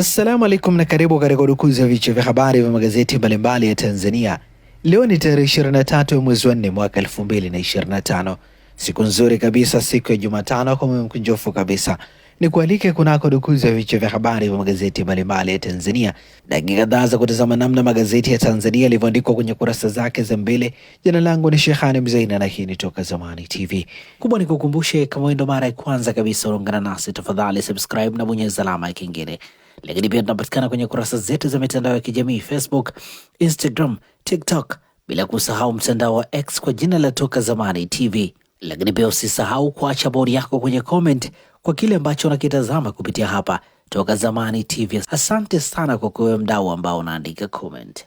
Assalamu alaikum na karibu katika udukuzi ya vichwa vya habari vya magazeti mbalimbali ya Tanzania. Leo ni tarehe 23 ya mwezi wa 4 mwaka 2025, siku nzuri kabisa, siku ya Jumatano kwa moyo mkunjofu kabisa ni kualike kunako dukuzi ya vichwa vya habari vya magazeti mbalimbali ya Tanzania, dakika kadhaa za kutazama namna magazeti ya Tanzania yalivyoandikwa kwenye kurasa zake za mbele. Jina langu ni Shehani Mzaina na hii ni Toka Zamani TV. Kubwa nikukumbushe, kama wewe ndo mara ya kwanza kabisa unaungana nasi, tafadhali subscribe na bonyeza alama ya kengele lakini pia tunapatikana kwenye kurasa zetu za mitandao ya kijamii Facebook, Instagram, TikTok, bila kusahau mtandao wa X kwa jina la Toka Zamani TV. Lakini pia usisahau kuacha bodi yako kwenye comment kwa kile ambacho unakitazama kupitia hapa Toka Zamani TV. Asante sana kwa kuwe mdau ambao unaandika comment.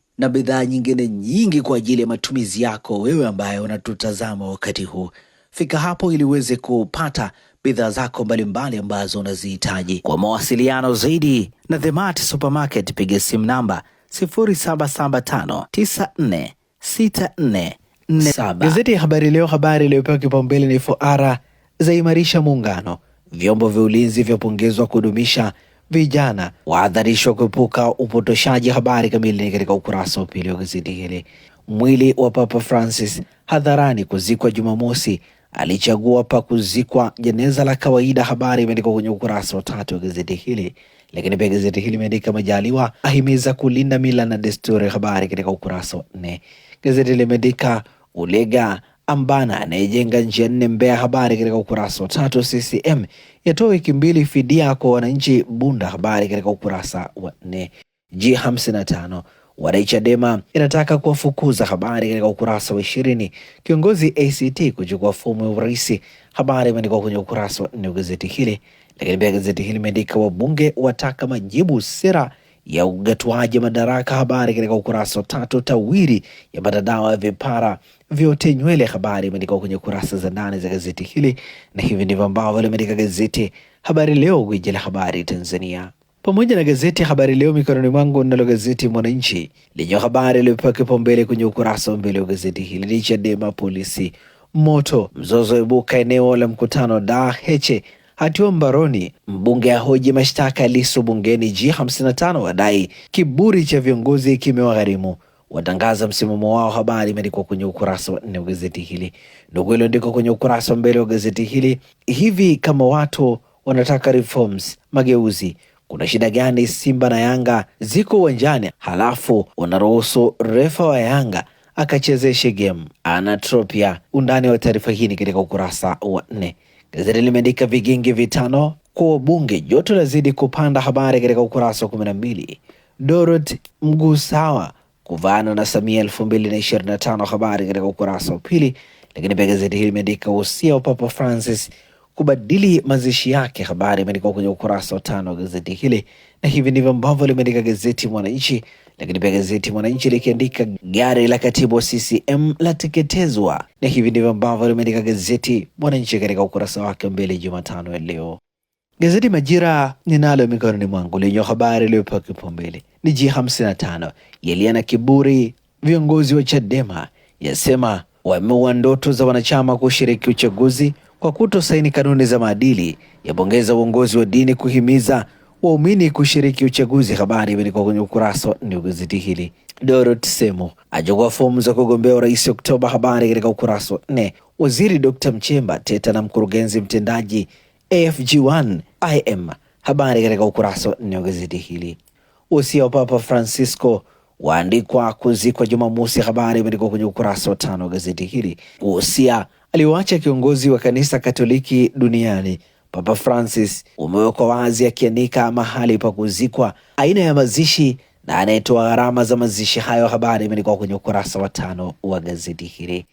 na bidhaa nyingine nyingi kwa ajili ya matumizi yako wewe ambaye unatutazama wakati huu. Fika hapo ili uweze kupata bidhaa zako mbalimbali ambazo unazihitaji. Kwa mawasiliano zaidi na The Mart Supermarket, piga simu namba 0775946447. Gazeti ya Habari Leo, habari iliyopewa kipaumbele ni fuara zaimarisha muungano, vyombo vya ulinzi vyapongezwa kudumisha vijana waadharishwa kuepuka upotoshaji. Habari kamili katika ukurasa wa pili wa gazeti hili. Mwili wa Papa Francis hadharani kuzikwa Jumamosi, alichagua pa kuzikwa jeneza la kawaida. Habari imeandikwa kwenye ukurasa wa tatu wa gazeti hili. Lakini pia gazeti hili imeandika Majaliwa ahimiza kulinda mila na desturi, habari katika ukurasa wa nne. Gazeti limeandika Ulega ambana anayejenga njia nne Mbeya. Habari katika ukurasa wa tatu. CCM yatoa wiki mbili fidia kwa wananchi Bunda. Habari katika ukurasa wa nne. G55 wadai Chadema inataka kuwafukuza. Habari katika ukurasa wa ishirini. Kiongozi ACT kuchukua fomu ya urais. Habari imeandikwa kwenye ukurasa wa nne wa gazeti hili, lakini pia gazeti hili imeandika wabunge wataka majibu sera ya ugatuaji madaraka. Habari katika ukurasa wa tatu. Tawiri ya matandao ya vipara vyote nywele, habari imeandikwa kwenye kurasa za ndani za gazeti hili, na hivi ndivyo ambavyo limeandika gazeti Habari Leo, gwiji la habari Tanzania, pamoja na gazeti Habari Leo mikononi mwangu. Nalo gazeti Mwananchi lenye habari iliyopewa kipaumbele kwenye ukurasa wa mbele wa gazeti hili ni Chadema polisi moto, mzozo ibuka eneo la mkutano Heche hatiwa mbaroni. Mbunge ahoji mashtaka ya Lissu bungeni. G55 wadai kiburi cha viongozi kimewagharimu watangaza msimamo wao. Habari imeandikwa kwenye ukurasa wa nne wa gazeti hili. Ndugu, iliandikwa kwenye ukurasa wa mbele wa gazeti hili. Hivi kama watu wanataka reforms, mageuzi, kuna shida gani? Simba na Yanga ziko uwanjani, halafu unaruhusu refa wa Yanga akachezeshe game. Anatropia. Undani wa taarifa hii ni katika ukurasa wa nne. Gazeti limeandika vigingi vitano kwa wabunge, joto lazidi kupanda. Habari katika ukurasa wa 12. Dorothy Mgusawa kuvana na Samia 2025, habari katika ukurasa wa pili. Lakini pia gazeti hili limeandika usia wa Papa Francis kubadili mazishi yake. Habari imeandikwa kwenye ukurasa wa tano wa gazeti hili, na hivi ndivyo ambavyo limeandika gazeti Mwananchi. Lakini pia gazeti Mwananchi likiandika gari la katibu wa CCM lateketezwa, na hivi ndivyo ambavyo limeandika gazeti Mwananchi katika ukurasa wake mbele Jumatano ya leo. Gazeti Majira ninalo mikononi mwangu lenye habari iliyopewa kipaumbele ni G55 yaliye na kiburi, viongozi wa Chadema yasema wameua ndoto za wanachama kushiriki uchaguzi kwa kutosaini kanuni za maadili yapongeza uongozi wa dini kuhimiza waumini kushiriki uchaguzi. Habari imeandikwa kwenye ukurasa wa nne wa gazeti hili. Dorothy Semo achukua fomu za kugombea urais Oktoba, habari katika ukurasa wa nne. Waziri Dr. Mchemba teta na mkurugenzi mtendaji AFG1 IM, habari katika ukurasa wa nne wa gazeti hili. Usia wa Papa Francisco waandikwa kuzikwa Jumamosi, habari imeandikwa kwenye ukurasa wa tano wa gazeti hili. Usia aliyoacha kiongozi wa kanisa Katoliki duniani Papa Francis umewekwa wazi, akianika mahali pa kuzikwa, aina ya mazishi na anayetoa gharama za mazishi hayo. Habari imeandikwa kwenye ukurasa wa tano wa gazeti hili.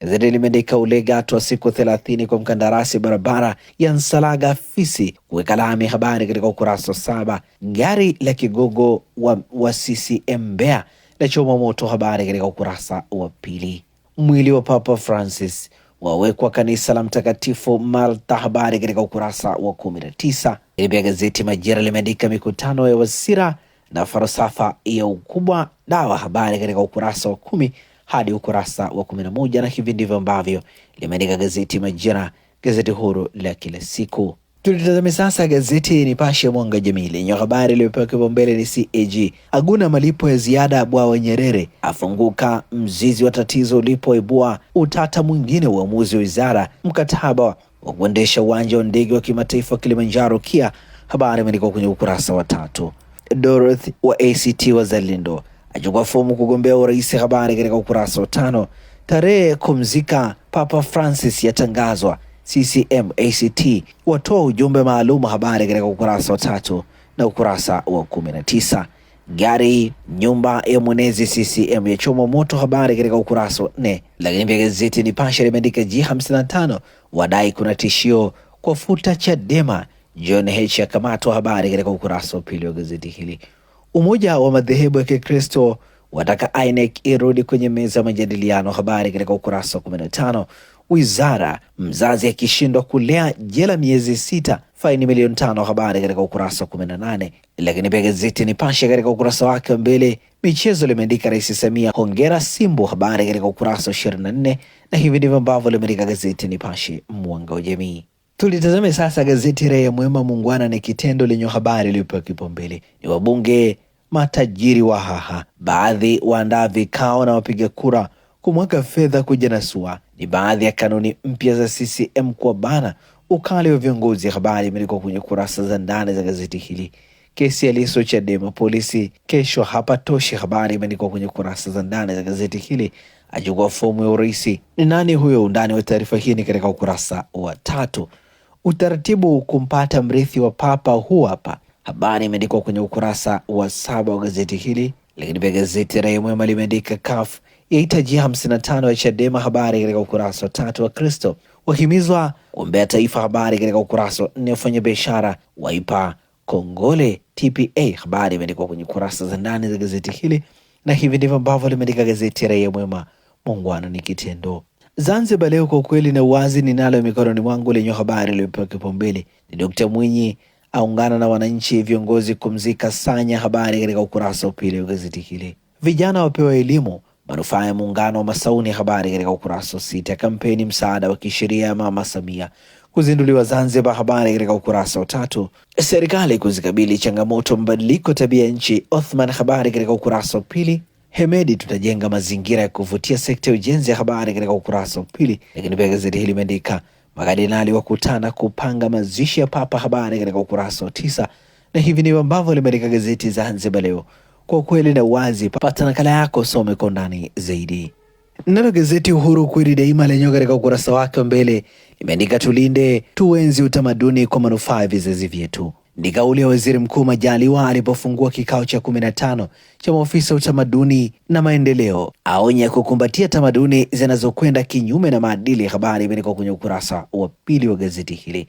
Gazeti limeandika ulegatwa siku thelathini kwa mkandarasi barabara ya Nsalaga Fisi kuweka lami. Habari katika ukurasa wa saba. Gari la kigogo wa, wa CCM Mbeya la choma moto. Habari katika ukurasa wa pili. Mwili wa Papa Francis wawekwa kanisa la Mtakatifu Martha. Habari katika ukurasa wa 19. Ili pia gazeti Majira limeandika mikutano ya Wasira na falsafa ya ukubwa dawa. Habari katika ukurasa wa kumi hadi ukurasa wa kumi na moja na hivi ndivyo ambavyo limeandika gazeti Majira, gazeti huru la kila siku. Tulitazame sasa gazeti ya Nipashe Mwanga Jamii lenye habari iliyopewa kipaumbele ni CAG aguna malipo ya ziada bwawa Nyerere, afunguka mzizi wa tatizo ulipoibua utata mwingine wa uamuzi wa wizara mkataba wa kuendesha uwanja wa ndege wa kimataifa wa Kilimanjaro KIA. Habari imeandikwa kwenye ukurasa wa tatu. Dorothy wa ACT Wazalendo achukua fomu kugombea urais, habari katika ukurasa wa tano. Tarehe kumzika Papa Francis yatangazwa CCM ACT watoa ujumbe maalum habari katika ukurasa wa tatu na ukurasa wa 19. Gari nyumba ya mwenezi CCM chomo moto, habari katika ukurasa wa nne. Lakini pia gazeti Nipashe limeandika G55 wadai kuna tishio kwa futa Chadema, John H yakamatwa, habari katika ukurasa wa pili wa gazeti hili. Umoja wa madhehebu ya Kikristo wataka INEC irudi kwenye meza ya majadiliano, habari katika ukurasa wa 15 wizara, mzazi akishindwa kulea jela miezi sita, faini milioni tano. Habari katika ukurasa wa kumi na nane. Lakini pia gazeti Nipashe katika ukurasa wake wa mbele michezo limeandika Rais Samia hongera Simbu, habari katika ukurasa wa ishirini na nne na hivi ndivyo ambavyo limeandika gazeti Nipashe mwanga wa jamii. Tulitazame sasa gazeti Raia Mwema, muungwana ni kitendo, lenye habari iliyopewa kipaumbele ni wabunge matajiri wa haha, baadhi waandaa vikao na wapiga kura kumwaga fedha kuja na SUA ni baadhi ya kanuni mpya za CCM kwa bana ukali wa viongozi. Habari imeandikwa kwenye kurasa za ndani za gazeti hili. Kesi ya Lissu Chadema polisi kesho hapa toshi. Habari imeandikwa kwenye kurasa za ndani za gazeti hili. Achukua fomu ya urais ni nani huyo? Undani wa taarifa hii ni katika ukurasa wa tatu. Utaratibu kumpata mrithi wa papa huu hapa. Habari imeandikwa kwenye ukurasa wa saba wa gazeti hili. Lakini pia gazeti Raia Mwema limeandika kafu yaita jia 55 ya Chadema. Habari katika ukurasa wa tatu. Wa Kristo wahimizwa kuombea taifa. Habari katika ukurasa wa nne. Wafanya biashara waipa kongole TPA. Habari imeandikwa kwenye kurasa za ndani za gazeti hili, na hivi ndivyo ambavyo limeandika gazeti Raia Mwema, mungwana ni kitendo. Zanzibar Leo, kwa ukweli na uwazi ninalo mikononi mwangu, lenye habari iliyopewa kipaumbele ni Dkt Mwinyi aungana na wananchi viongozi kumzika Sanya. Habari katika ukurasa wa pili wa gazeti hili. Vijana wapewa elimu Manufaa ya muungano wa Masauni, habari katika ukurasa wa sita. Ya kampeni msaada wa kisheria ya Mama Samia kuzinduliwa Zanzibar, habari katika ukurasa wa tatu. Serikali kuzikabili changamoto mabadiliko tabia nchi, Othman, habari katika ukurasa wa pili. Hemedi, tutajenga mazingira ya kuvutia sekta ya ujenzi, ya habari katika ukurasa wa pili. Lakini pia gazeti hili limeandika makardinali wakutana kupanga mazishi ya Papa, habari katika ukurasa wa tisa, na hivi ndivyo ambavyo limeandika gazeti Zanzibar Leo kwa ukweli na uwazi. Pata nakala yako, some kwa undani zaidi. Nalo gazeti Uhuru kweli daima lenyewe katika ukurasa wake wa mbele limeandika tulinde, tuenzi utamaduni kwa manufaa ya vizazi vyetu. Ni kauli ya Waziri Mkuu Majaliwa alipofungua kikao cha 15 cha maofisa utamaduni na maendeleo, aonya kukumbatia tamaduni zinazokwenda kinyume na maadili. Habari imeandikwa kwenye ukurasa wa pili wa gazeti hili.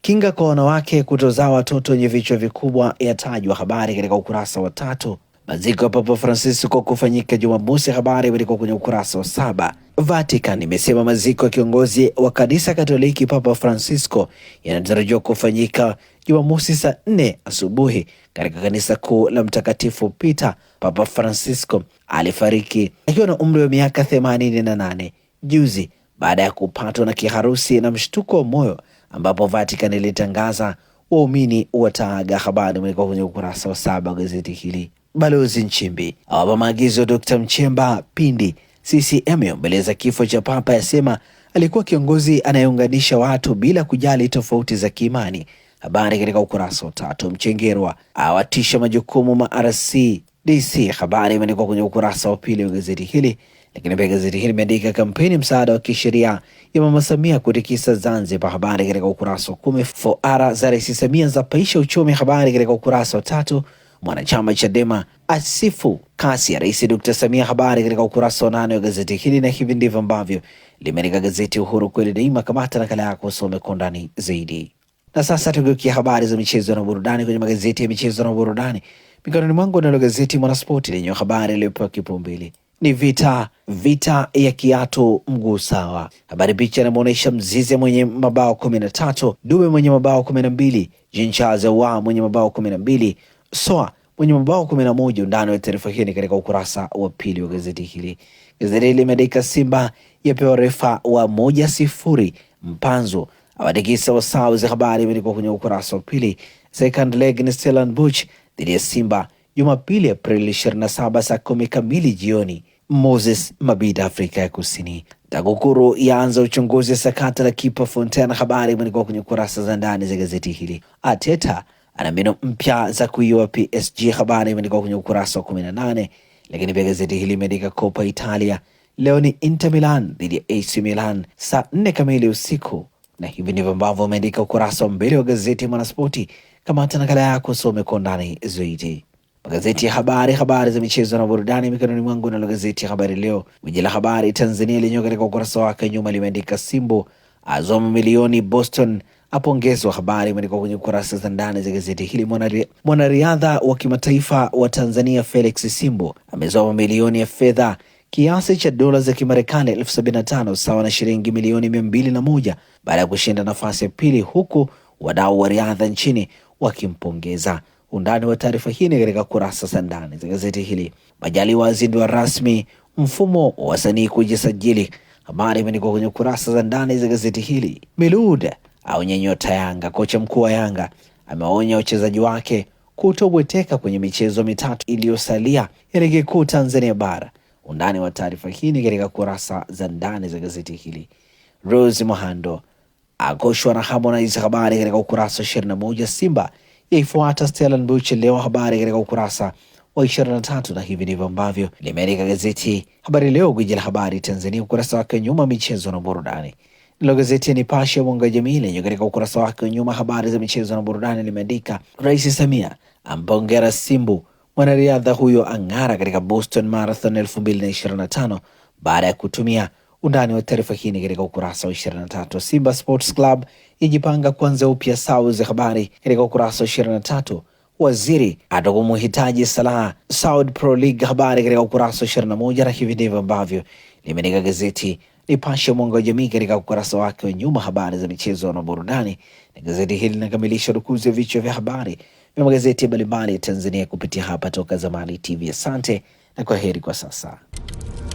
Kinga kwa wanawake kutozaa watoto wenye vichwa vikubwa yatajwa, habari katika ukurasa wa tatu Maziko ya Papa Francisco kufanyika Jumamosi, habari imeandikwa kwenye ukurasa wa saba. Vatican imesema maziko ya kiongozi wa kanisa Katoliki Papa Francisco yanatarajiwa kufanyika Jumamosi saa nne asubuhi katika kanisa kuu la Mtakatifu Peter. Papa Francisco alifariki akiwa na umri wa miaka 88 juzi baada ya kupatwa na kiharusi na mshtuko wa moyo, ambapo Vatican ilitangaza waumini wataaga. Habari imeandikwa kwenye ukurasa wa saba gazeti hili. Balozi Nchimbi awapa maagizo d Mchemba pindi CCM yaombeleza kifo cha Papa, yasema alikuwa kiongozi anayeunganisha watu bila kujali tofauti za kiimani. Habari katika ukurasa wa tatu. Mchengerwa awatisha majukumu ma RC DC. Habari imeandikwa kwenye ukurasa wa pili wa gazeti hili, lakini pia gazeti hili imeandika kampeni msaada wa kisheria ya Mama Samia kutikisa Zanzibar. Habari katika ukurasa wa kumi. Foara za Rais Samia zapaisha uchumi. Habari katika ukurasa wa tatu mwanachama Chadema asifu kasi ya Rais Dr. Samia. Habari katika ukurasa wa nane wa gazeti hili, na hivi ndivyo ambavyo limeandika gazeti Uhuru kweli daima. Kamata nakala yako usome kwa undani zaidi. Na sasa tugeukia habari za michezo na burudani kwenye magazeti ya michezo na burudani mikononi mwangu, nalo gazeti Mwanaspoti lenye habari iliyopewa kipaumbele ni vita vita ya kiatu mguu sawa. Habari picha inamwonyesha Mzize mwenye mabao kumi na tatu, Dube mwenye mabao kumi na mbili, Jinchaza wa mwenye mabao kumi na mbili, Soa mwenye mabao kumi na moja. Undani wa taarifa hii ni katika ukurasa wa pili wa gazeti hili. Gazeti hili limeandika Simba yapewa refa wa moja sifuri, Mpanzo awatikisa za Habari imeandikwa kwenye ukurasa wa pili. Second leg ni Stellenbosch dhidi ya Simba Jumapili Aprili 27 saa kumi kamili jioni Moses Mabida, Afrika ya Kusini. TAKUKURU yaanza uchunguzi wa sakata la kipa Fontaine. Habari imeandikwa kwenye kurasa za ndani za gazeti hili. Ateta ana mbinu mpya za kuiwa PSG. Habari imeandikwa kwenye ukurasa wa kumi na nane. Lakini pia gazeti hili imeandika Coppa Italia leo ni Inter Milan dhidi ya AC Milan saa nne kamili usiku, na hivi ndivyo ambavyo umeandika ukurasa wa mbele wa gazeti ya Mwanaspoti. Kama hata nakala yako usome kwa undani zaidi magazeti ya habari, habari za michezo na burudani mikononi mwangu. Nalo gazeti ya Habari Leo, gwiji la habari Tanzania, lenyewe katika ukurasa wake nyuma limeandika Simbo azoma milioni Boston apongezwa. Habari imeandikwa kwenye kurasa za ndani za gazeti hili. Mwanariadha mwana wa kimataifa wa Tanzania Felix Simbo amezoa mamilioni ya fedha kiasi cha dola za Kimarekani elfu sabini na tano sawa na shilingi milioni mia mbili na moja baada ya kushinda nafasi ya pili, huku wadau wa riadha nchini wakimpongeza. Undani wa taarifa hii ni katika kurasa za ndani za gazeti hili. Majaliwa azindua rasmi mfumo wa wasanii kujisajili. Habari imeandikwa kwenye kurasa za ndani za gazeti hili. Milud aonye nyota Yanga. Kocha mkuu wa Yanga amewaonya wachezaji wake kutobweteka kwenye michezo mitatu iliyosalia ya ligi kuu Tanzania bara. Undani wa taarifa hii ni katika kurasa za ndani za gazeti hili. Rose Muhando agoshwa na Harmonize, habari katika ukurasa wa moja. Simba yaifuata Stellenbosch leo, habari katika ukurasa wa 23, na hivi ndivyo ambavyo limeandika gazeti Habari Leo, gwiji la habari Tanzania, ukurasa wake nyuma, michezo na burudani. Nalo gazeti ya Nipashe ya mwanga wa jamii lenye katika ukurasa wake wa nyuma habari za michezo na burudani limeandika Rais Samia ampongera Simbu, mwanariadha huyo ang'ara katika Boston Marathon 2025 baada ya kutumia undani wa taarifa hii katika ukurasa wa 23. Simba Sports Club ijipanga kuanza upya za Habari katika ukurasa wa 23. Waziri atakumhitaji Salah Saudi Pro League. Habari katika ukurasa wa 21, na hivi ndivyo ambavyo limeandika gazeti Nipashe Mwanga wa Jamii katika ukurasa wake wa nyuma, habari za michezo na burudani. Na gazeti hili linakamilisha rukuzi ya vichwa vya habari vya magazeti mbalimbali ya Tanzania kupitia hapa Toka Zamani TV. Asante na kwa heri kwa sasa.